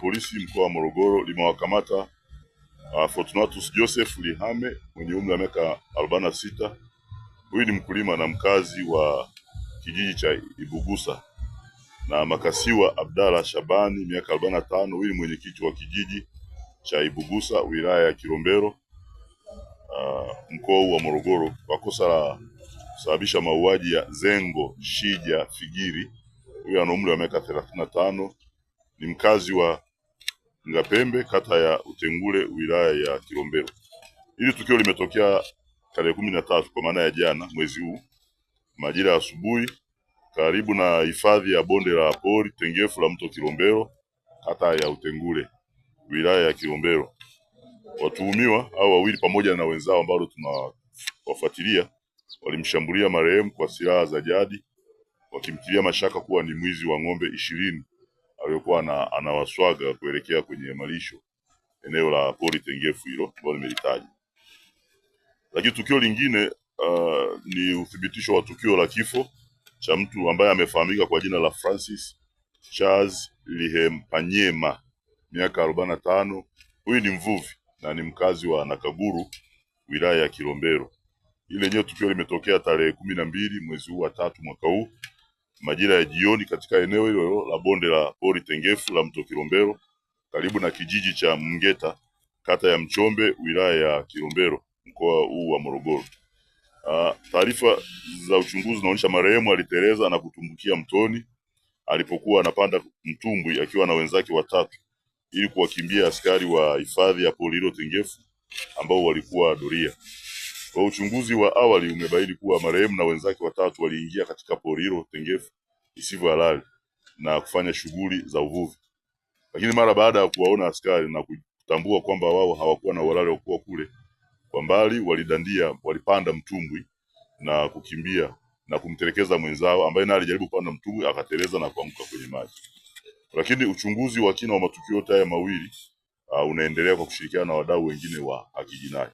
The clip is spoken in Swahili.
Polisi mkoa wa Morogoro limewakamata uh, Fortunatus Joseph Lihame mwenye umri wa miaka arobaini na sita. Huyu ni mkulima na mkazi wa kijiji cha Ibugusa na Makasiwa Abdalla Shabani miaka arobaini na tano. Huyu ni mwenyekiti wa kijiji cha Ibugusa wilaya ya Kilombero uh, mkoa huu wa Morogoro kwa kosa la kusababisha mauaji ya Zengo Shija Figiri. Huyu ana umri wa miaka thelathini tano, ni mkazi wa Ngapembe kata ya Utengule wilaya ya Kilombero. Hili tukio limetokea tarehe kumi na tatu kwa maana ya jana mwezi huu majira ya asubuhi karibu na hifadhi ya bonde la pori tengefu la mto Kilombero kata ya Utengule wilaya ya Kilombero. Watuhumiwa au wawili pamoja na wenzao ambao tunawafuatilia walimshambulia marehemu kwa silaha za jadi wakimtilia mashaka kuwa ni mwizi wa ng'ombe ishirini aliyokuwa anawaswaga kuelekea kwenye malisho eneo la pori tengefu hilo ambalo nimelitaja. Lakini tukio lingine uh, ni uthibitisho wa tukio la kifo cha mtu ambaye amefahamika kwa jina la Francis Charles Lihempanyema miaka 45. na tano. Huyu ni mvuvi na ni mkazi wa Nakaguru wilaya ya Kilombero. Ile lenyewe tukio limetokea tarehe kumi na mbili mwezi huu wa tatu mwaka huu majira ya jioni katika eneo hilo la bonde la pori tengefu la mto Kilombero karibu na kijiji cha Mngeta kata ya Mchombe wilaya ya Kilombero mkoa huu wa Morogoro. Ah, taarifa za uchunguzi zinaonyesha marehemu aliteleza na kutumbukia mtoni alipokuwa anapanda mtumbwi akiwa na wenzake watatu ili kuwakimbia askari wa hifadhi ya pori hilo tengefu ambao walikuwa doria. Kwa uchunguzi wa awali umebaini kuwa marehemu na wenzake watatu waliingia katika pori hilo tengefu isivyo halali na kufanya shughuli za uvuvi, lakini mara baada ya kuwaona askari na kutambua kwamba wao hawakuwa na uhalali wa kuwa kule, kwa mbali walidandia, walipanda mtumbwi na kukimbia na kumtelekeza mwenzao ambaye naye alijaribu kupanda mtumbwi akateleza na kuanguka kwenye maji. Lakini uchunguzi wa kina wa matukio yote haya mawili uh, unaendelea kwa kushirikiana na wadau wengine wa haki jinai.